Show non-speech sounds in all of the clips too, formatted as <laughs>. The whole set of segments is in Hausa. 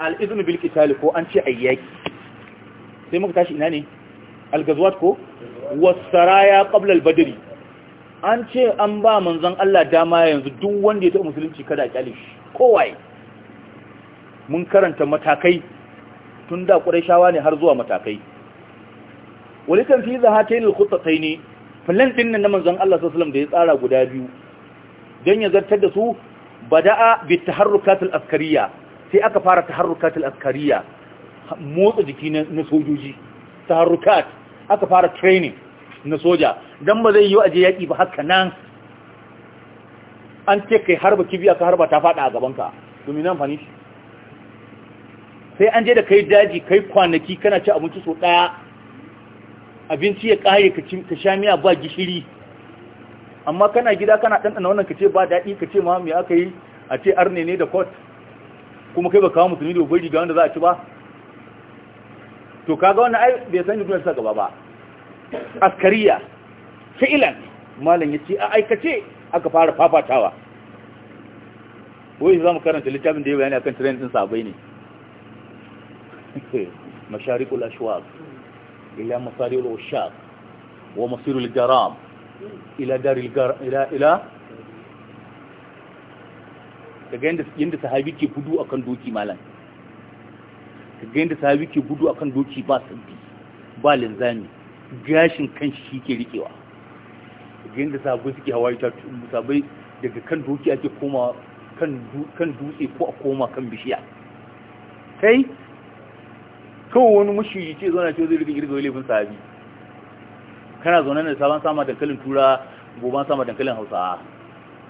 al-iznu bil ko an ce ayyaki sai muka tashi ina ne al ko was ya qabla an ce an ba manzon Allah dama yanzu duk wanda ya taɓa musulunci kada a shi Kowai mun karanta matakai tun da shawa ne har zuwa matakai walikan fi zahatain al ne. Filin ɗin nan na manzon Allah sallallahu da ya tsara guda biyu Don ya zartar da su bada'a bi ta al-askariya sai aka fara taharrukatul askariya motsa jiki na sojoji taharrukat aka fara training na soja Don ba zai yi waje yaƙi ba haka nan an ce kai harba kibiya ka harba ta fada a gabanka domin nan fani sai an je da kai daji kai kwanaki kana ci abinci so daya abinci ya kare ka sha miya ba gishiri amma kana gida kana ɗanɗana wannan ka ce ba daɗi ka ce ma me aka yi a ce arne ne da kot kuma kai ba kawo musulmi da babbar ga wanda za a ci ba to kaga wannan ai bai san jikunar sa gaba ba askariya fi'ilan malam yace a aikace aka fara fafatawa wai zamu karanta littafin da ya bayani akan trend din sabai ne <laughs> masharikul ashwaq ila masaril ushaq wa masirul jaram ila daril ila ila kaga yanda yanda sahabi ke gudu akan doki malam kaga yanda sahabi ke gudu akan doki ba sabbi ba linzami gashin kan shi ke rikewa kaga yanda sahabi suke hawaye ita musabai daga kan doki ake koma kan dutse ko a koma kan bishiya kai kawai wani mushi ce zauna ce zai rika girga laifin sahabi kana zaune da sabon sama dankalin tura goban sama dankalin hausawa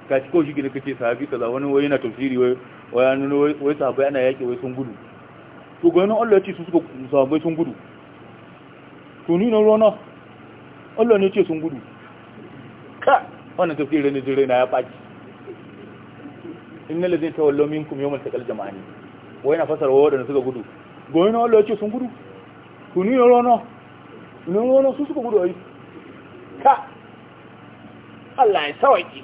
ka ci ko shi gina kace sahabi kaza wani wai na tafsiri wai wai nuna wai sahabai ana yaƙi wai sun gudu to ga nan Allah ya ce su suka sahabai sun gudu to ni na rona Allah ne ce sun gudu ka wannan tafsirin ne jira na ya faci innal ladzina tawallaw minkum yawmal taqal jama'ani wai na fasara wai wadanda suka gudu ga na Allah ya ce sun gudu to ni na rona ni rona su suka gudu ai ka Allah ya sawaki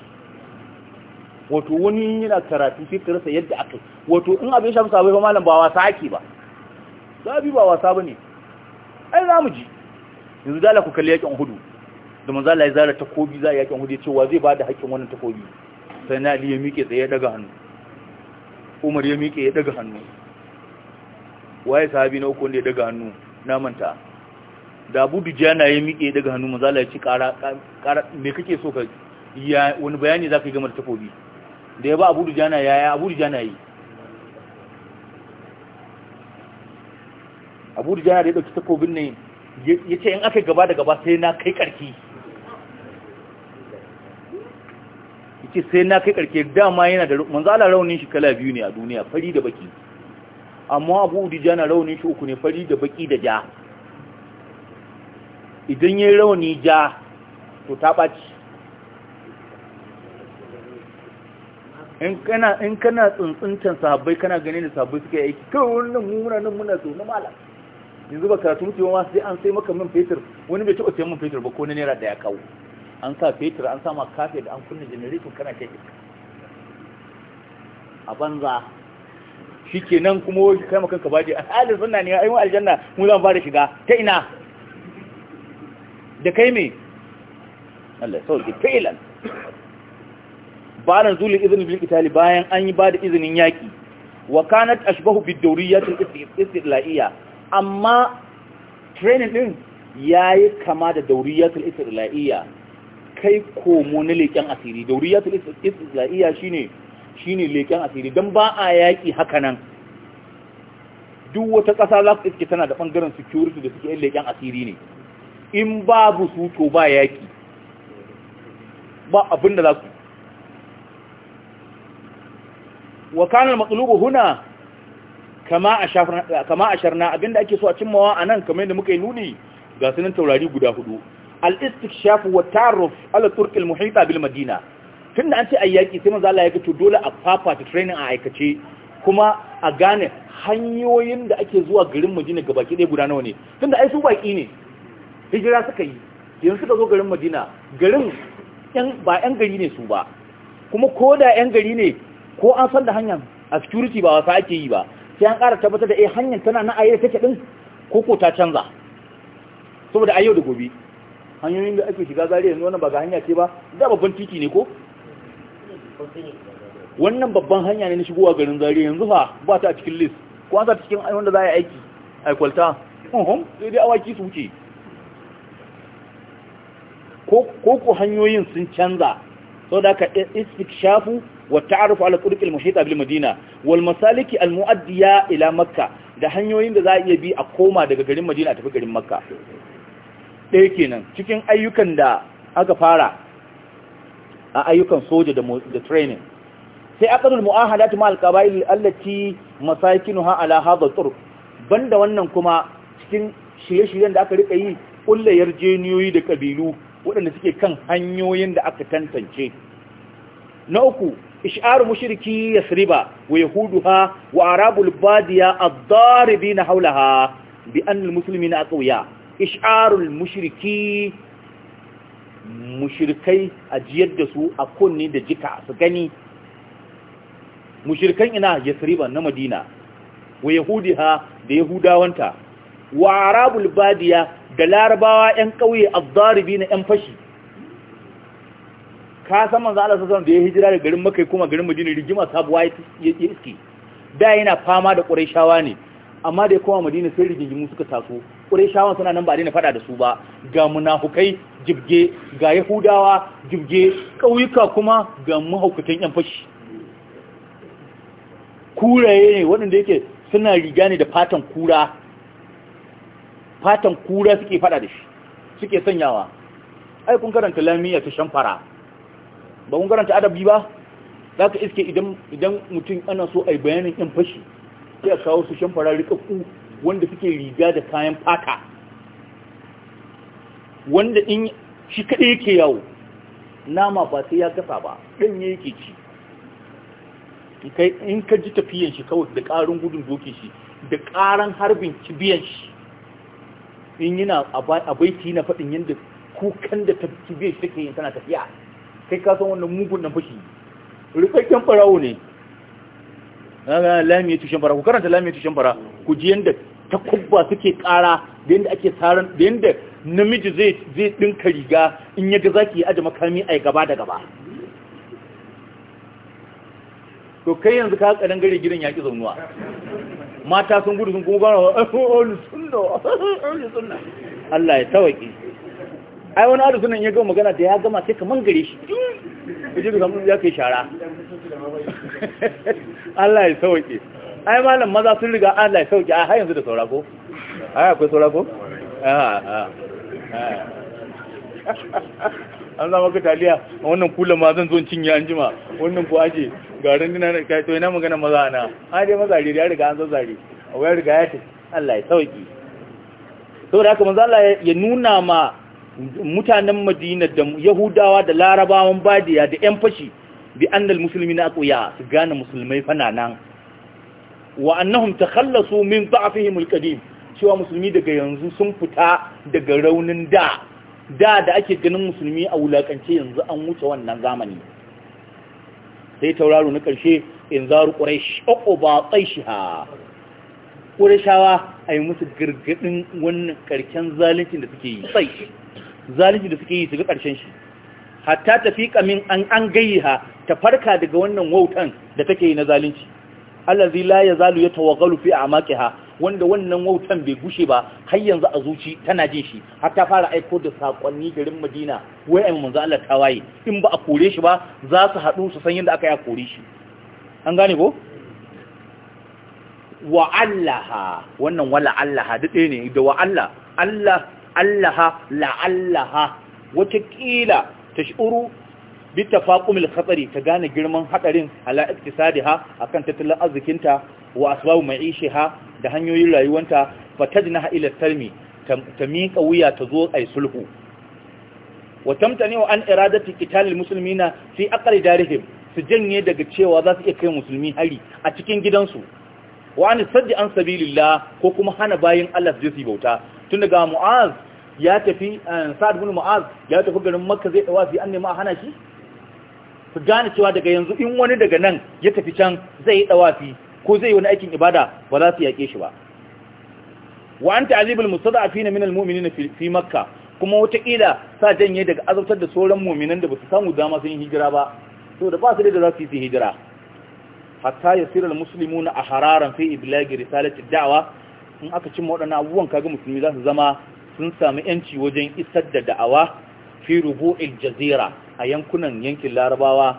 wato wani yana karatu sai ka rasa yadda aka wato in abin shafi sabai ba malam ba wasa ake ba sabi ba wasa ba ne ai za mu ji yanzu dala ku kalli yakin hudu da manzo Allah ya zara takobi za yakin hudu ya ce wa zai ba da haƙƙin wannan takobi sai na Ali ya miƙe tsaye ya daga hannu Umar ya miƙe ya daga hannu waye sahabi na uku wanda ya daga hannu na manta da Abu Dujana ya miƙe ya daga hannu manzo Allah ya ce ƙara ƙara me kake so ka ya wani bayani zaka yi game da takobi da ya ba abu da jana yaya abu da jana yi abu da jana da ya ɗauki takobin ne ya ce in aka gaba da gaba sai na kai ƙarki ce sai na kai ƙarke dama yana da manzala raunin shi kala biyu ne a duniya fari da baki amma abu da jana raunin shi uku ne fari da baki da ja idan ya yi rauni ja to ta ɓaci in kana in tsuntsuntan sahabbai kana ganin da sahabbai suka yi aiki kawai nan muna nan muna zo na malam yanzu ba karatu mutuwa ma sai an sai maka min fetur wani bai taɓa sayan min fetur ba ko na naira ya kawo an sa fetur an sa ma kafe da an kunna generation kana kai a banza nan kuma wai kai makanka je alhalin sunna ne ai mu aljanna mu zan fara shiga ta ina da kai me Allah sauki fa'ilan ba zuli izinin bil qitali bayan an yi ba da izinin yaki wa kanat ashbahu bid dawriyatil istidlaiya amma training din yayi kama da dawriyatil istidlaiya kai komo na leken asiri dawriyatul istidlaiya shine shine leken asiri dan ba a yaki haka nan duk wata ƙasa za ku iske tana da bangaren security da suke leƙen asiri ne in babu su to ba yaƙi ba abinda za ku wa kana al huna kama a abinda ake so a cimmawa anan kamar yadda muka yi nuni ga sunan taurari guda hudu al-istikshaf wa ta'arruf ala turq al-muhita bil madina tunda an ce ayyaki sai manzo Allah ya kace dole a ta training a aikace kuma a gane hanyoyin da ake zuwa garin Madina baki ɗaya guda nawa ne tunda ai su baki ne hijira suka yi yanzu suka zo garin Madina garin ba 'yan gari ne su ba kuma ko da 'yan gari ne ko an san da hanyar a security ba wasa ake yi ba sai an ƙara tabbatar da eh hanyar tana na ayyar take din ko ko ta canza saboda ayyau da gobe hanyoyin da ake shiga zariya yanzu wannan ba ga hanya ce ba da babban titi ne ko wannan babban hanya ne na shigowa garin zariya yanzu fa ba ta a cikin list ko an sa ta cikin wanda za a yi aiki a kwalta uhum sai dai awaki su wuce ko ko hanyoyin sun canza saboda ka istikshafu wa ta'arufu ala turuq al-muhita bil madina wal masaliki al-muaddiya ila makka da hanyoyin da za a iya bi a koma daga garin madina a tafi garin makka ɗaya kenan cikin ayyukan da aka fara a ayyukan soja da training sai aqdul mu'ahadat ma al-qaba'il allati masakinuha ala hadha turuq banda wannan kuma cikin shirye-shiryen da aka rika yi kullayar jeniyoyi da kabilu waɗanda suke kan hanyoyin da aka tantance na uku ish'aru mushriki yasriba wa yahuduha wa arabul badiya ad-daribina hawlaha bi anna al-muslimina aqwiya ish'arul mushriki mushrikai ajiyar da su a kunni da jika su gani mushrikan ina yasriba na madina wa yahudiha da yahudawanta wa arabul badiya da larabawa 'yan ƙauye a zaribi na 'yan fashi ka san manzo Allah da ya hijira da garin Makka kuma garin Madina rigima sabuwa ya iske da yana fama da shawa ne amma da ya koma Madina sai rigingimu suka taso shawa suna nan ba na fada da su ba ga munafukai jibge ga Yahudawa jibge ƙauyuka kuma ga mahaukatan yan fashi kuraye ne waɗanda yake suna riga ne da fatan kura fatan kura suke fada da shi suke sanyawa ai kun karanta lamiya ta shamfara ba kun karanta adabi ba za ka iske idan mutum ana so a yi bayanin yan fashi sai a kawo su shamfara rikakku wanda suke riga da kayan fata wanda in shi kaɗai yake yawo nama ba sai ya gasa ba ɗan yake ci in ka ji tafiyan shi kawai da ƙarin gudun doki shi da ƙaran harbin cibiyan shi in yana abaiti na faɗin yadda kukan da ta kibe shi take yin tana tafiya kai kasan wannan mugun nan fashi rufakken farawo ne na lamiyar tushen fara ku karanta lamiyar tushen fara ku ji yadda ta kubba suke kara da yadda ake tsarin da yadda namiji zai dinka riga in ya ga zaki ya ajiye makami a gaba da gaba to kai yanzu ka kadan gare gidan yaki zaunuwa mata sun gudu sun kuma gano oh, ahlu oh, oh, sunna ahlu sunna Allah ya tawaki ai wani ahlu sunna ya ga magana da ya gama sai kaman gare shi yaje da samu ya kai shara <laughs> Allah ya tawaki ai malam maza sun riga Allah ya tawaki ai har yanzu da saurako ai akwai saurako ah ah an zama ka taliya a wannan kula ma zan zo cin an jima wannan ku aje garin dina da kai to ina magana maza na a dai maza ne ya riga an zari a wayar riga ya ce Allah ya sauki saboda haka manzo Allah ya nuna ma mutanen Madina da Yahudawa da Larabawan Badiya da ƴan fashi bi annal muslimina aqwiya su gane musulmai fananan wa annahum takhallasu min da'fihim alqadim cewa musulmi daga yanzu sun fita daga raunin da da da ake ganin musulmi a wulakance yanzu an wuce wannan zamani sai tauraro na ƙarshe in zaru ƙuraish o ba ha. ƙurashawa a yi musu gargaɗin wannan ƙarshen zalincin da suke yi tsai zalincin da suke yi su ga ƙarshen shi hatta tafi kamin an an gayyaha ta farka daga wannan wautan da take yi na zalunci allazi la ya tawagalu fi amaqiha wanda wannan wautan bai gushe ba har yanzu a zuci tana jin shi har ta fara aiko da sakonni garin Madina wai ai manzo Allah ta waye in ba a kore shi ba za su hadu su san yadda aka yi a kore shi an gane ko wa Allah wannan wala Allah duk ne da wa allah allah allaha la Allah wata kila tashuru bi tafaqumil khatari ta gane girman hadarin ala iktisadiha akan tattalin arzikinta wa asbabu ha da hanyoyin rayuwanta fatajnaha ila tarmi ta miƙa wuya ta zo ai sulhu wa tamtani an iradati musulmi muslimina fi aqli darihim su janye daga cewa za su iya kai musulmi hari a cikin gidansu wa an saddi an sabilillah ko kuma hana bayin Allah su je su bauta tun daga mu'az ya tafi sa'ad bin mu'az ya tafi garin makka zai dawa fi annema hana shi su gane cewa daga yanzu in wani daga nan ya tafi can zai yi dawafi ko zai yi wani aikin ibada ba za su yaƙe shi ba wa anta azibul mustada'afina min almu'minina fi makka kuma wata kila sa janye daga azabtar da sauran mu'minan da basu samu dama sun hijira ba da ba su da za su yi hijira hatta yasira almuslimuna ahararan fi iblagi risalati da'wa in aka cimma waɗannan abubuwan kaga musulmi za su zama sun sami yanci wajen isar da da'awa fi rubu'il jazira a yankunan yankin larabawa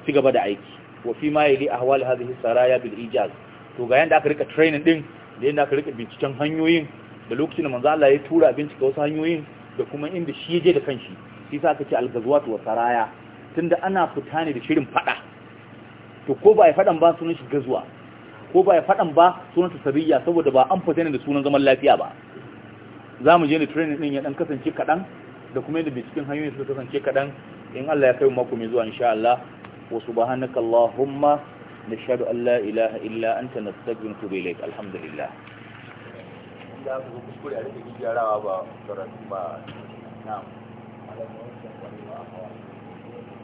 su ci gaba da aiki wa fi ma yali ahwal hadhihi saraya bil ijaz to ga yadda aka rika training din da yadda aka rika binciken hanyoyin da lokacin da manzo ya tura bincika wasu hanyoyin da kuma inda shi je da kanshi shi sa aka ce al wa saraya tunda ana fita ne da shirin fada to ko ba ya fadan ba sunan shi gazuwa ko ba ya fadan ba sunan ta sabiyya saboda ba an fita ne da sunan zaman lafiya ba za mu je ne training din ya dan kasance kadan da kuma yadda binciken hanyoyin suka kasance kadan in Allah ya kai mu mako mai zuwa insha Allah wa subhanaka allahumma nashhadu an la ilaha illa anta nastaghfiruka wa ilayk alhamdulillah da ku kuskure a rike gyarawa ba ba na'am